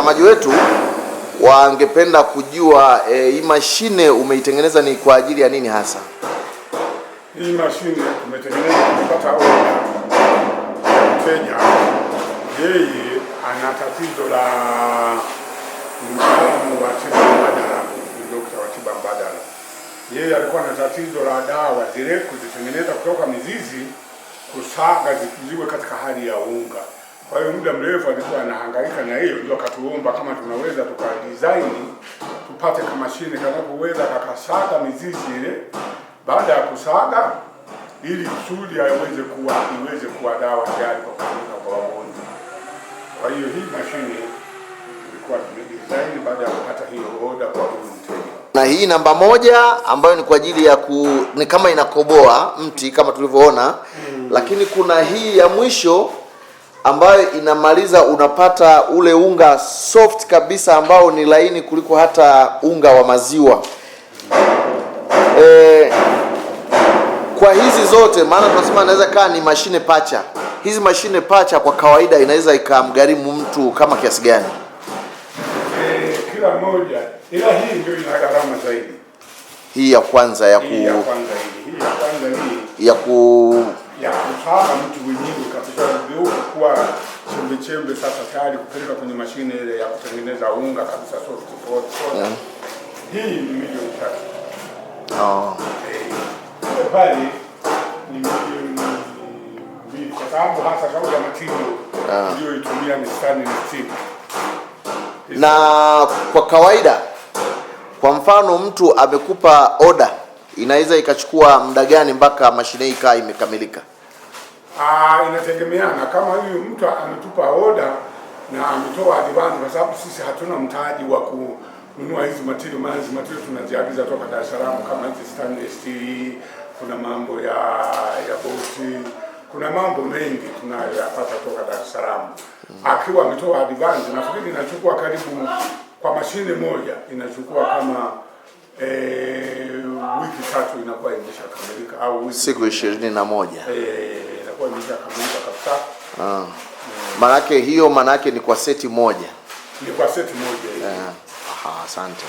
watazamaji wetu wangependa kujua eh, hii mashine umeitengeneza ni kwa ajili ya nini hasa? Hii mashine tumetengeneza kupata oda mteja, yeye ana tatizo la mtaalamu wa tiba mbadala, dokta wa tiba mbadala. Yeye alikuwa na tatizo la dawa zile kuzitengeneza kutoka mizizi, kusaga zipigwe katika hali ya unga kwa hiyo muda mrefu alikuwa anahangaika na hiyo, ndio akatuomba kama tunaweza tuka design tupate mashine kanapoweza kakasaga mizizi ile, baada ya kusaga ili kusudi aweze kuwa iweze kuwa dawa tayari kwa kutumika kwa wagonjwa. Kwa hiyo hii mashine ilikuwa tumedesign baada ya kupata hiyo oda kwa huyu mteja na hii namba moja ambayo ni kwa ajili ya ku ni kama inakoboa mti kama tulivyoona, hmm. Lakini kuna hii ya mwisho ambayo inamaliza unapata ule unga soft kabisa ambao ni laini kuliko hata unga wa maziwa e, kwa hizi zote maana tunasema inaweza kaa ni mashine pacha. Hizi mashine pacha kwa kawaida inaweza ikamgharimu mtu kama kiasi gani? E, kila moja, ila hii ndio ina gharama zaidi, hii ya kwanza ya ku hii ya kwanza hii, hii ya kwanza hii ya ku ya kufaka mtu mwenyewe kabisa ugeuka kuwa chembe chembe, sasa tayari kupeleka kwenye mashine ile ya kutengeneza unga kabisa, so so. pot. Hii ni milioni tatu. Oh. Hey. Eh, Pale ni milioni mbili kwa sababu hasa kauli ya matindo ah. itumia ni stani sitini. Na kwa kawaida, kwa mfano mtu amekupa order inaweza ikachukua muda gani mpaka mashine hii kaa imekamilika? Ah, inategemeana kama huyu mtu ametupa oda na ametoa advance, kwa sababu sisi hatuna mtaji wa kununua hizi material, maana hizi material tunaziagiza toka Dar es Salaam, kama hizi stainless steel, kuna mambo ya ya bolti, kuna mambo mengi tunayoyapata toka Dar es Salaam. Akiwa ametoa advance, nafikiri inachukua karibu kwa mashine moja inachukua kama Eh, wiki tatu inakuwa kamilika au wiki siku ishirini na moja eh, inakuwa kamilika kabisa. ah. Eh. Manake hiyo manake ni kwa seti moja, ni kwa seti moja. Aha, asante.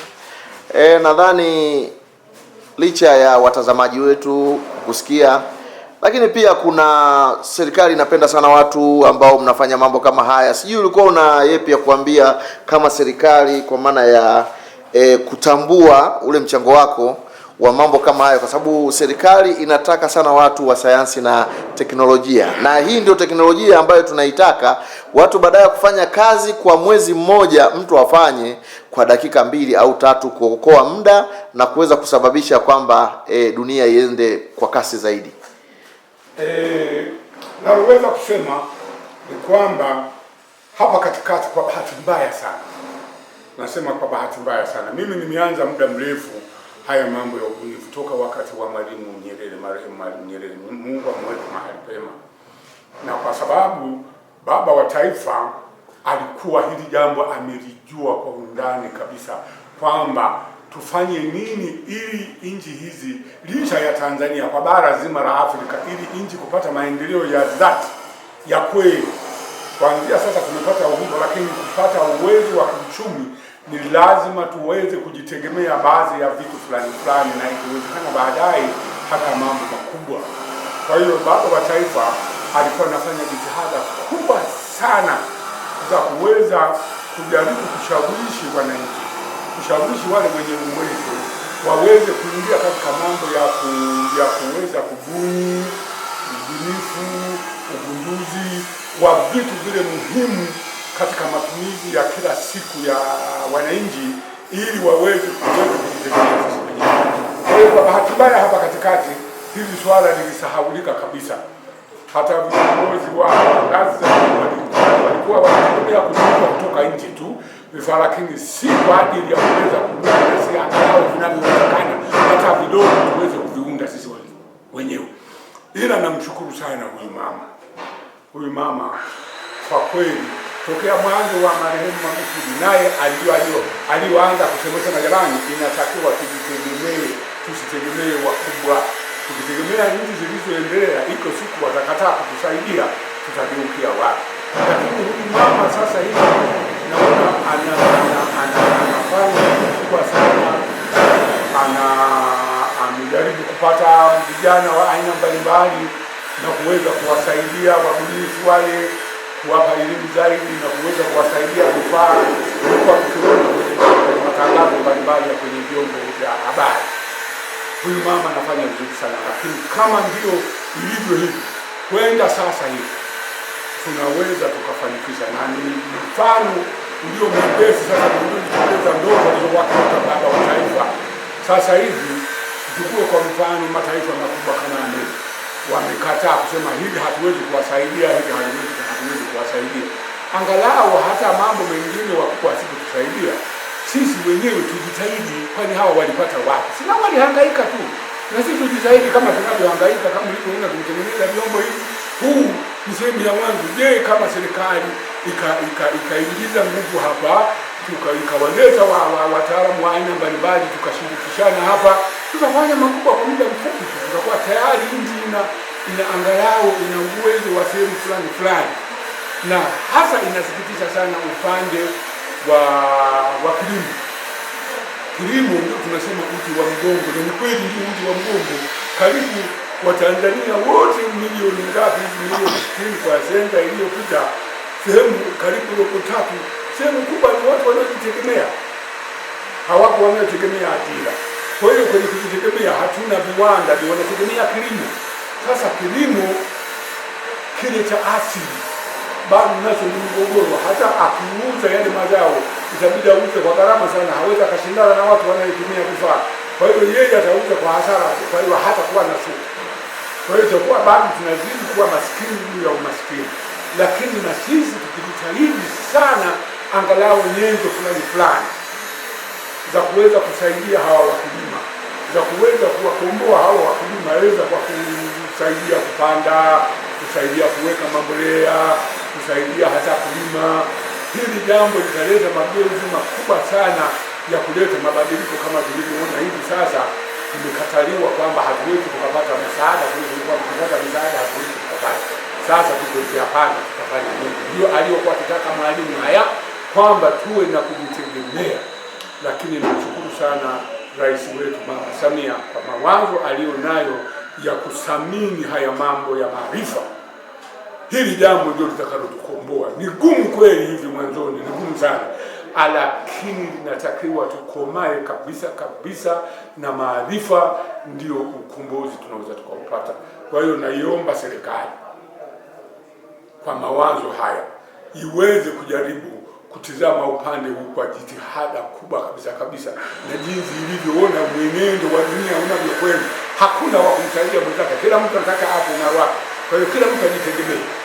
E, nadhani licha ya watazamaji wetu kusikia, lakini pia kuna serikali inapenda sana watu ambao mnafanya mambo kama haya. Sijui ulikuwa una yepi ya kuambia kama serikali kwa maana ya e, kutambua ule mchango wako wa mambo kama hayo, kwa sababu serikali inataka sana watu wa sayansi na teknolojia, na hii ndio teknolojia ambayo tunaitaka. Watu baadaye ya kufanya kazi kwa mwezi mmoja, mtu afanye kwa dakika mbili au tatu, kuokoa muda na kuweza kusababisha kwamba e, dunia iende kwa kasi zaidi. E, naweza kusema ni kwamba hapa katikati, kwa bahati mbaya sana Nasema kwa bahati mbaya sana, mimi nimeanza muda mrefu haya mambo ya ubunifu toka wakati wa Mwalimu Nyerere, marehemu Mwalimu Nyerere, Mungu amweke mahali pema, na kwa sababu baba wa taifa alikuwa hili jambo amelijua kwa undani kabisa kwamba tufanye nini ili nchi hizi licha ya Tanzania kwa bara zima la Afrika, ili nchi kupata maendeleo ya dhati ya kweli. Kuanzia sasa tumepata uhuru, lakini kupata uwezo wa kiuchumi ni lazima tuweze kujitegemea baadhi ya vitu fulani fulani, na ikiwezekana baadaye hata mambo makubwa. Kwa hiyo baba wa taifa alikuwa anafanya jitihada kubwa sana za kuweza kujaribu kushawishi wananchi, kushawishi wale wenye uwezo waweze kuingia katika mambo ya, ku, ya kuweza kubuni ubunifu, ugunduzi wa vitu vile muhimu katika matumizi ya kila siku ya wananchi ili waweze kuweza kujitegemea sisi wenyewe. bahati mbaya hapa katikati hili swala lilisahaulika kabisa. Hata viongozi wa ngazi walikuwa wanatumia kutoka kutoka nje tu vifaa, lakini si kwa ajili ya kuweza kuunda kasi angalau vinavyowezekana hata vidogo tuweze kuviunda sisi wenyewe. Ila namshukuru sana huyu mama, huyu mama kwa kweli tokea mwanzo wa marehemu Magufuli, naye alijua hilo, aliyoanza kusemesema, jamani, inatakiwa tujitegemee, tusitegemee wakubwa. Tukitegemea nchi zilizoendelea, iko siku watakataa kutusaidia, tutageukia wapi? Lakini huyu mama sasa hivi naona anafanya kubwa sana, ana amejaribu kupata vijana wa aina mbalimbali na kuweza kuwasaidia wabunifu wale kuwapa elimu zaidi na kuweza kuwasaidia kufaa kwa mkiwemo matangazo mbalimbali ya kwenye vyombo vya habari. Huyu mama anafanya vizuri sana, lakini kama ndio ilivyo hivi, kwenda sasa hivi tunaweza tukafanikisha, na ni mfano ndio mwepesi sasa kuendeleza ndoto alizowakilisha baba wa taifa. Sasa hivi tuchukue kwa mfano mataifa makubwa kama Amerika, wamekataa kusema hivi hatuwezi kuwasaidia, hivi hatuwezi tuweze kuwasaidia angalau hata mambo mengine wakubwa asipotusaidia sisi wenyewe tujitahidi, kwani hawa walipata wapi? Sina, walihangaika tu, na sisi tujitahidi kama tunavyohangaika. Kama ulivyoona kutengeneza vyombo hivi, huu ni sehemu ya mwanzo. Je, kama serikali ikaingiza ika, ika nguvu hapa, ikawaleta wataalamu wa aina mbalimbali, tukashirikishana hapa, tutafanya makubwa kwa muda mfupi, tutakuwa tayari nchi ina angalau ina uwezo wa sehemu fulani fulani na hasa inasikitisha sana upande wa wa kilimo. Kilimo ndio tunasema uti wa mgongo, na ni kweli ndio uti wa mgongo. Karibu Watanzania wote milioni ngapi, milioni 60 kwa sensa iliyopita, sehemu karibu robo tatu, sehemu kubwa ni watu wanaojitegemea, hawako wanaotegemea ajira. Kwa hiyo kwenye kujitegemea hatuna viwanda, ni wanategemea kilimo. Sasa kilimo kile cha asili bado nacho ni mgogoro, hata akiuza yale mazao itabidi auze kwa gharama sana, hawezi akashindana na watu wanayotumia vifaa. Kwa hiyo yeye atauza kwa hasara, kwa hiyo hata kuwa na soko. Kwa hiyo itakuwa bado tunazidi kuwa maskini juu ya umaskini, lakini na sisi tukijitahidi sana, angalau nyenzo fulani fulani za kuweza kusaidia hawa wakulima za kuweza kuwakomboa hao wakulima, aweza kwa kusaidia kupanda, kusaidia kuweka mambolea kutusaidia hata kulima. Hili jambo litaleta mageuzi makubwa sana ya kuleta mabadiliko kama tulivyoona hivi sasa. Tumekataliwa kwamba hatuwezi tukapata msaada, tukapata msaada hatuwezi tukapata. Sasa tuko tutafanya nini? Ndio aliyokuwa akitaka Mwalimu haya kwamba tuwe na kujitegemea, lakini nashukuru sana rais wetu Mama Samia kwa mawazo aliyonayo ya kusamini haya mambo ya maarifa hili jambo ndio litakalotukomboa. Ni gumu kweli, hivi mwanzoni ni gumu sana, lakini linatakiwa tukomae kabisa kabisa, na maarifa ndio ukombozi tunaweza tukaupata. Kwa hiyo naiomba serikali kwa mawazo haya iweze kujaribu kutizama upande huu kwa jitihada kubwa kabisa kabisa, na jinsi ilivyoona mwenendo wa dunia unavyokwenda, hakuna wa kumsaidia mwenzake, kila mtu anataka afu na wake. Kwa hiyo kila mtu ajitegemee.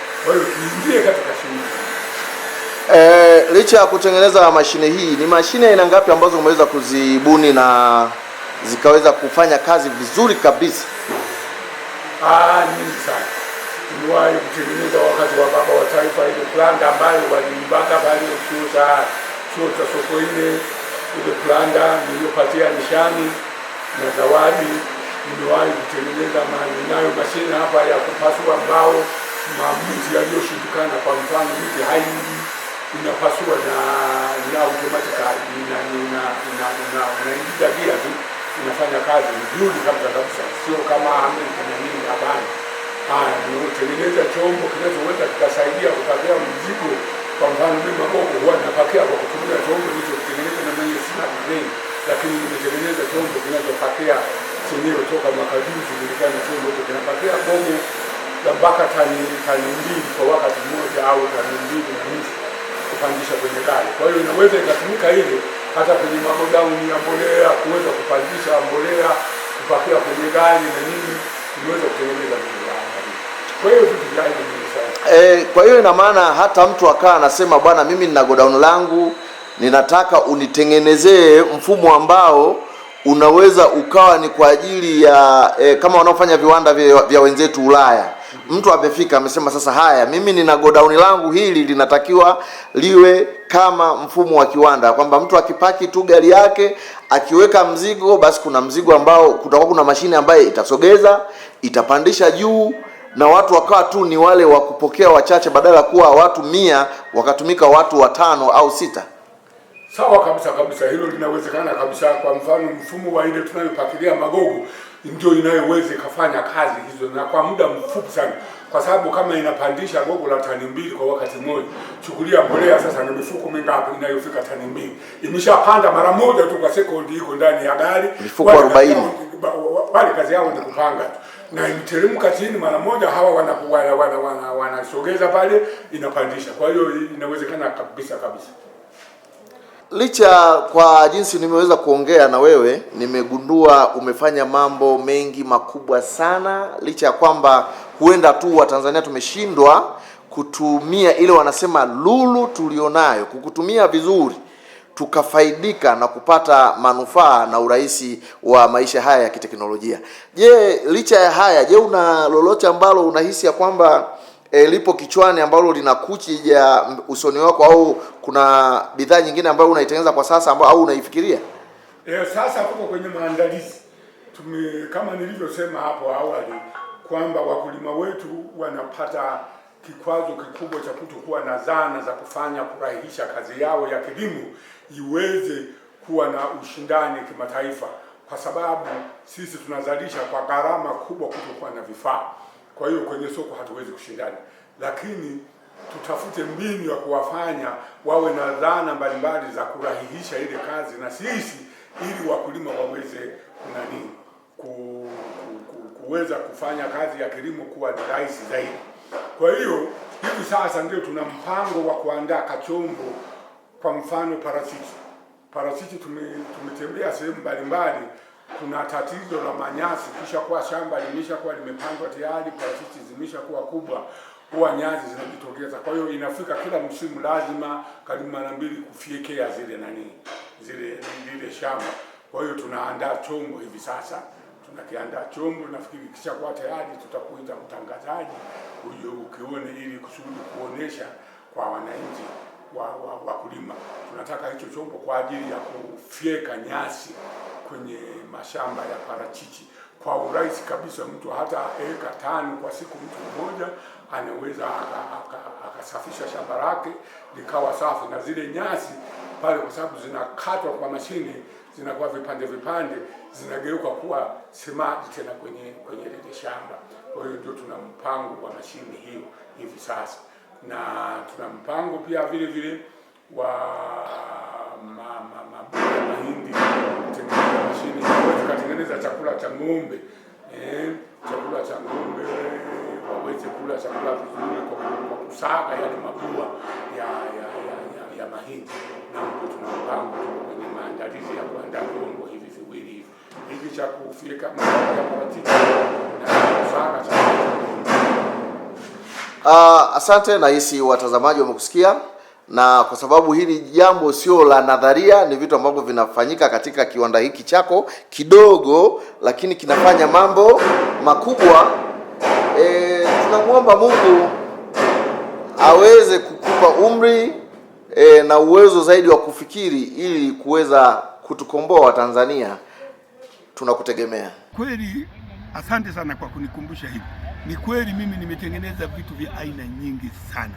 Eh, licha ya kutengeneza mashine hii, ni mashine aina ngapi ambazo umeweza kuzibuni na zikaweza kufanya kazi vizuri kabisa? Ah, nyingi sana. Tuliwahi kutengeneza wakati wa baba wa taifa ile planda ambayo waliibaka pale chuo cha chuo cha soko ile ile planda niliyopatia nishani na zawadi. Niliwahi kutengeneza mahali nayo mashine hapa ya kupasua mbao maamuzi yaliyoshindikana. Kwa mfano, miti haingi inapasua na ina automatically ina ina ina ina inaingiza gia tu inafanya kazi nzuri kabisa kabisa, sio kama Amerika na nini. Hapana, haya ni kutengeneza chombo kinachoweza kikasaidia kupakia mzigo. Kwa mfano, mimi magogo huwa napakia kwa kutumia chombo hicho nilichotengeneza na mwenye sina kigeni, lakini nimetengeneza chombo kinachopakia chenyewe toka mwaka juzi, kulingana na chombo hicho kinapakia gogo mpaka tani mbili kwa wakati mmoja au tani mbili na nusu kupandisha kwenye gari. Kwa hiyo inaweza ikatumika ile hata kwenye magodauni ya mbolea, kuweza kupandisha mbolea, kupakia kwenye gari na nini, inaweza kutengeneza kwa hiyo vitu vya aina Eh, kwa hiyo ina maana hata mtu akaa anasema bwana, mimi nina godown langu ninataka unitengenezee mfumo ambao unaweza ukawa ni kwa ajili ya eh, kama wanaofanya viwanda vya wenzetu Ulaya mtu amefika amesema, sasa haya, mimi nina godown langu hili linatakiwa liwe kama mfumo wa kiwanda, kwamba mtu akipaki tu gari yake akiweka mzigo, basi kuna mzigo ambao kutakuwa kuna mashine ambayo itasogeza itapandisha juu, na watu wakawa tu ni wale wa kupokea wachache, badala ya kuwa watu mia wakatumika watu watano au sita. Sawa kabisa kabisa, hilo linawezekana kabisa. Kwa mfano mfumo wa ile tunayopakilia magogo ndio inayoweza ikafanya kazi hizo na kwa muda mfupi sana, kwa sababu kama inapandisha gogo la tani mbili kwa wakati mmoja, chukulia mbolea sasa na mifuko mingapi inayofika tani mbili, imeshapanda mara moja tu kwa sekondi, iko ndani ya gari, mifuko 40. kazi yao ni kupanga tu na imteremka chini mara moja, hawa wanasogeza wana, wana, wana, wana pale, inapandisha. Kwa hiyo inawezekana kabisa kabisa licha kwa jinsi nimeweza kuongea na wewe, nimegundua umefanya mambo mengi makubwa sana, licha ya kwamba huenda tu Watanzania tumeshindwa kutumia ile wanasema lulu tulionayo, kukutumia vizuri tukafaidika na kupata manufaa na urahisi wa maisha haya ya kiteknolojia. Je, licha ya haya, je, una lolote ambalo unahisi ya kwamba e, lipo kichwani ambalo lina kuchi ya usoni wako, au kuna bidhaa nyingine ambayo unaitengeneza kwa sasa ambayo au unaifikiria? E, sasa tuko kwenye maandalizi tume, kama nilivyosema hapo awali kwamba wakulima wetu wanapata kikwazo kikubwa cha kutokuwa na zana za kufanya kurahisisha kazi yao ya kilimo iweze kuwa na ushindani kimataifa, kwa sababu sisi tunazalisha kwa gharama kubwa kutokuwa na vifaa kwa hiyo kwenye soko hatuwezi kushindana, lakini tutafute mbinu ya kuwafanya wawe na dhana mbalimbali za kurahihisha ile kazi na sisi, ili wakulima waweze kunani ku, ku, kuweza kufanya kazi ya kilimo kuwa rahisi zaidi. Kwa hiyo hivi sasa ndio tuna mpango wa kuandaa kachombo, kwa mfano parachichi. Parachichi tumetembea sehemu mbalimbali kuna tatizo la manyasi, kisha kuwa shamba limeshakuwa limepandwa tayari, parachichi zimeshakuwa kubwa, huwa nyasi zinajitokeza. Kwa hiyo inafika kila msimu lazima karibu mara mbili kufyekea zile nani zile lile shamba. Kwa hiyo tunaandaa chombo hivi sasa, tunakiandaa chombo, nafikiri kisha tayari tutakuita utangazaji uje ukione, ili kusudi kuonesha kwa wananchi wa wakulima wa tunataka hicho chombo kwa ajili ya kufyeka nyasi kwenye mashamba ya parachichi kwa urahisi kabisa. Mtu hata eka tano kwa siku, mtu mmoja anaweza akasafisha aka, aka shamba lake likawa safi, na zile nyasi pale, kwa sababu zinakatwa kwa mashine, zinakuwa vipande vipande, zinageuka kuwa semadi tena kwenye kwenye lile shamba. Kwa hiyo ndio tuna mpango wa mashine hiyo hivi sasa, na tuna mpango pia vile vile wa ma, ma, ma, mahindi kutengeneza chakula cha ng'ombe eh, chakula cha ng'ombe waweze kula chakula vizuri kwa kusaga yale mabua ya ya, ya, ya, ya mahindi. Na huko tuna mpango kwenye maandalizi ya kuandaa viungo hivi viwili hivi hivi cha kufilika ya parachichi na kusaga chakula. Uh, asante nahisi watazamaji wamekusikia na kwa sababu hili jambo sio la nadharia, ni vitu ambavyo vinafanyika katika kiwanda hiki chako kidogo, lakini kinafanya mambo makubwa. E, tunamwomba Mungu aweze kukupa umri e, na uwezo zaidi wa kufikiri ili kuweza kutukomboa Watanzania. Tunakutegemea kweli. Asante sana kwa kunikumbusha hivi. Ni kweli mimi nimetengeneza vitu vya aina nyingi sana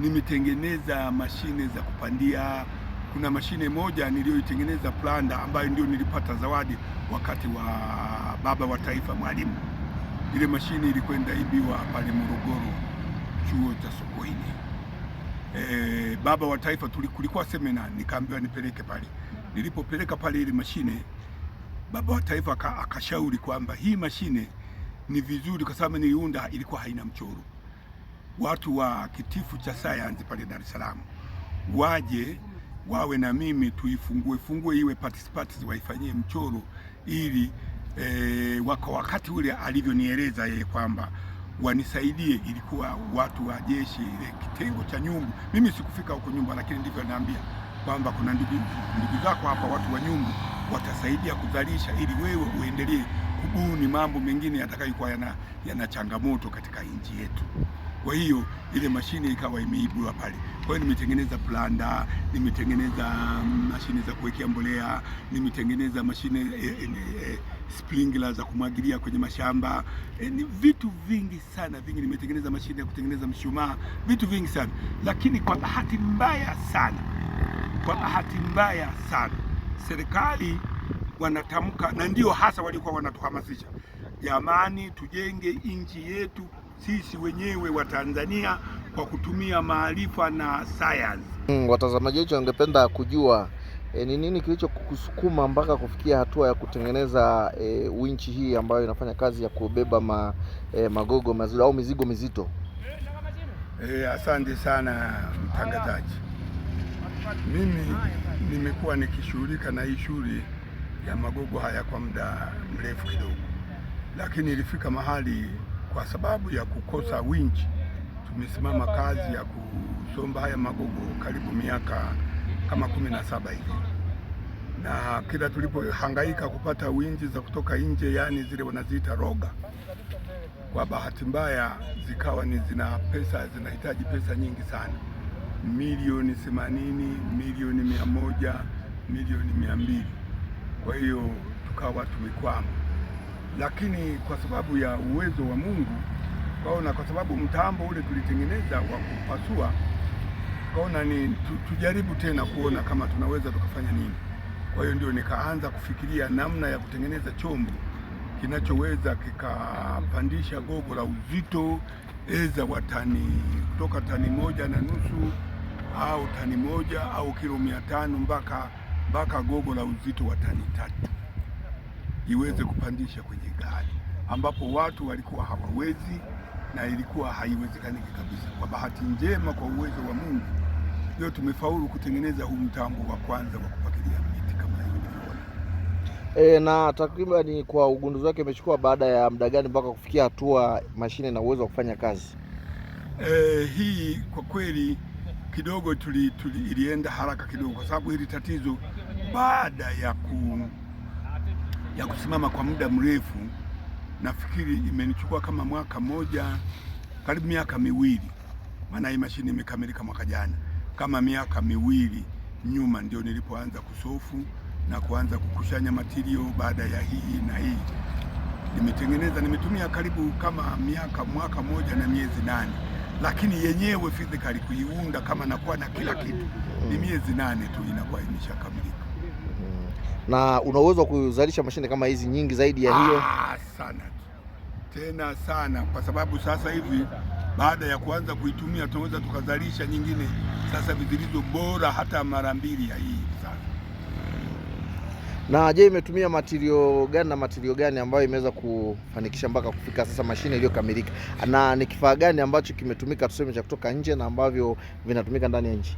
nimetengeneza mashine za kupandia. Kuna mashine moja niliyoitengeneza planda, ambayo ndio nilipata zawadi wakati wa baba wa taifa Mwalimu. Ile mashine ilikwenda ibiwa pale Morogoro, chuo cha Sokoine. E, baba wa taifa kulikuwa semina, nikaambiwa nipeleke pale. Nilipopeleka pale ile mashine, baba wa taifa akashauri kwamba hii mashine ni vizuri, kwa sababu niliunda ilikuwa haina mchoro watu wa kitifu cha sayansi pale Dar es Salaam waje wawe na mimi tuifungue fungue iwe participants waifanyie mchoro ili e, wako wakati ule alivyonieleza yeye kwamba wanisaidie. Ilikuwa watu wa jeshi ile kitengo cha Nyumbu. Mimi sikufika huko nyumba lakini ndivyo anaambia kwamba kuna ndugu ndugu zako hapa watu wa Nyumbu watasaidia kuzalisha ili wewe uendelee kubuni mambo mengine yatakayokuwa yana, yana changamoto katika nchi yetu. Kwa hiyo ile mashine ikawa imeibwa pale. Kwa hiyo nimetengeneza planda, nimetengeneza mm, mashine za kuwekea mbolea, nimetengeneza mashine e, e, e, e sprinkler za kumwagilia kwenye mashamba e, ni vitu vingi sana vingi. Nimetengeneza mashine ya kutengeneza mshumaa, vitu vingi sana lakini, kwa bahati mbaya sana, kwa bahati mbaya sana, serikali wanatamka, na ndio hasa walikuwa wanatuhamasisha, jamani, tujenge nchi yetu sisi wenyewe wa Tanzania kwa kutumia maarifa na science. Mm, watazamaji wetu wangependa kujua eh, ni e, nini kilichokusukuma mpaka kufikia hatua ya kutengeneza e, winchi hii ambayo inafanya kazi ya kubeba ma, e, magogo mazito au mizigo mizito? E, asante sana mtangazaji. Mimi nimekuwa nikishughulika na hii shughuli ya magogo haya kwa muda mrefu kidogo, lakini ilifika mahali kwa sababu ya kukosa winji, tumesimama kazi ya kusomba haya magogo karibu miaka kama kumi na saba hivi, na kila tulipohangaika kupata winji za kutoka nje, yaani zile wanaziita roga, kwa bahati mbaya zikawa ni zina pesa, zinahitaji pesa nyingi sana, milioni themanini, milioni mia moja, milioni mia mbili. Kwa hiyo tukawa tumekwama lakini kwa sababu ya uwezo wa Mungu kaona, kwa sababu mtambo ule tulitengeneza wa kupasua, kaona ni tujaribu tena kuona kama tunaweza tukafanya nini. Kwa hiyo ndio nikaanza kufikiria namna ya kutengeneza chombo kinachoweza kikapandisha gogo la uzito eza wa tani kutoka tani moja na nusu au tani moja au kilo mia tano mpaka mpaka gogo la uzito wa tani tatu iweze kupandisha kwenye gari, ambapo watu walikuwa hawawezi na ilikuwa haiwezekaniki kabisa. Kwa bahati njema, kwa uwezo wa Mungu, leo tumefaulu kutengeneza huu mtambo wa kwanza wa kupakilia miti kama hiyo ulivyoona. E, na takribani kwa ugunduzi wake imechukua baada ya muda gani mpaka kufikia hatua mashine na uwezo wa kufanya kazi? E, hii kwa kweli kidogo tuli, tuli, ilienda haraka kidogo kwa sababu hili tatizo baada ya ku ya kusimama kwa muda mrefu, nafikiri imenichukua kama mwaka mmoja, karibu miaka miwili, maana hii mashine imekamilika mwaka jana. Kama miaka miwili nyuma ndio nilipoanza kusofu na kuanza kukushanya matirio baada ya hii na hii nimetengeneza, nimetumia karibu kama miaka mwaka moja na miezi nane, lakini yenyewe physically kuiunda kama nakuwa na kila kitu ni miezi nane tu inakuwa imeshakamilika na una uwezo wa kuzalisha mashine kama hizi nyingi zaidi ya hiyo? Ah, sana tena sana, kwa sababu sasa hivi baada ya kuanza kuitumia tunaweza tukazalisha nyingine sasa vizilizo bora hata mara mbili ya hii sasa. Na je, imetumia matirio gani na matirio gani ambayo imeweza kufanikisha mpaka kufika sasa mashine iliyokamilika, na ni kifaa gani ambacho kimetumika tuseme cha kutoka nje na ambavyo vinatumika ndani ya nchi?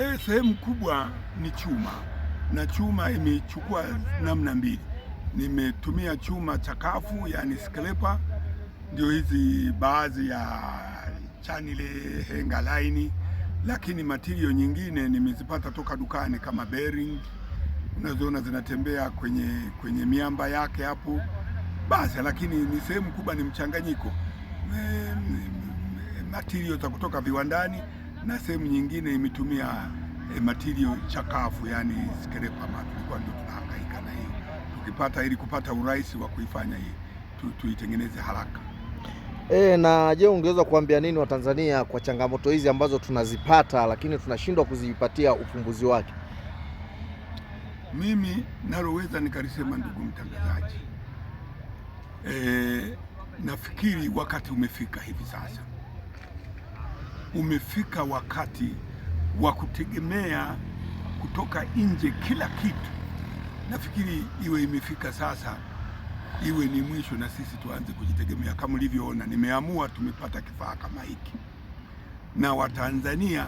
Eh, sehemu kubwa ni chuma na chuma imechukua namna mbili. Nimetumia chuma chakafu, yani scraper, ndio hizi baadhi ya chanile henga laini, lakini material nyingine nimezipata toka dukani kama bearing unazoona zinatembea kwenye, kwenye miamba yake hapo basi, lakini ni sehemu kubwa ni mchanganyiko e, za kutoka viwandani na sehemu nyingine imetumia e, material chakafu, yani skrepa tulikuwa ndio tunahangaika na hiyo tukipata, ili kupata urahisi wa kuifanya hii tu, tuitengeneze haraka. E, na je, ungeweza kuambia nini Watanzania kwa changamoto hizi ambazo tunazipata lakini tunashindwa kuzipatia ufumbuzi wake? Mimi naloweza nikalisema, ndugu mtangazaji, e, nafikiri wakati umefika hivi sasa, umefika wakati wa kutegemea kutoka nje kila kitu. Nafikiri iwe imefika sasa, iwe ni mwisho na sisi tuanze kujitegemea. Kama ulivyoona, nimeamua tumepata kifaa kama hiki na Watanzania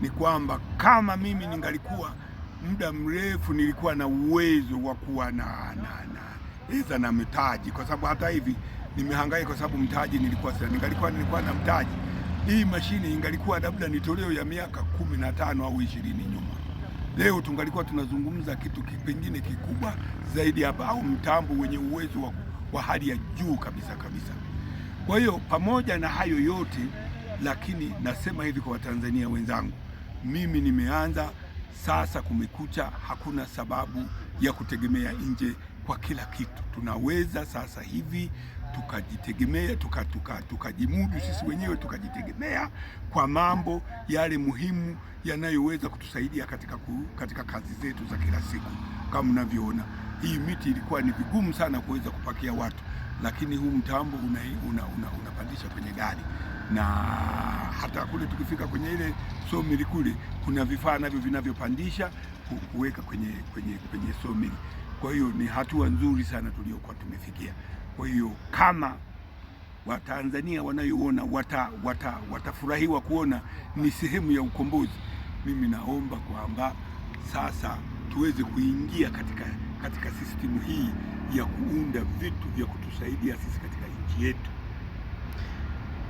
ni kwamba kama mimi ningalikuwa muda mrefu nilikuwa na uwezo wa kuwa na eza na, na, na mtaji, kwa nimehangaika kwa sababu mtaji nilikuwa sina, ningalikuwa nilikuwa na mtaji hii mashine ingalikuwa labda ni toleo ya miaka kumi na tano au ishirini nyuma, leo tungalikuwa tunazungumza kitu pengine kikubwa zaidi hapa, au mtambo wenye uwezo wa, wa hali ya juu kabisa kabisa. Kwa hiyo pamoja na hayo yote lakini nasema hivi kwa Watanzania wenzangu, mimi nimeanza sasa, kumekucha, hakuna sababu ya kutegemea nje kwa kila kitu. Tunaweza sasa hivi tukajitegemea tukajimudu tuka, tuka sisi wenyewe tukajitegemea kwa mambo yale muhimu yanayoweza kutusaidia katika, ku, katika kazi zetu za kila siku. Kama mnavyoona hii miti ilikuwa ni vigumu sana kuweza kupakia watu, lakini huu mtambo unapandisha una, una kwenye gari na hata kule tukifika kwenye ile somili kule kuna vifaa navyo vinavyopandisha kuweka kwenye, kwenye, kwenye somili. Kwa hiyo ni hatua nzuri sana tuliyokuwa tumefikia. Kwa hiyo kama Watanzania wanayoona wata, wata, watafurahiwa kuona ni sehemu ya ukombozi, mimi naomba kwamba sasa tuweze kuingia katika, katika sistimu hii ya kuunda vitu vya kutusaidia sisi katika nchi yetu.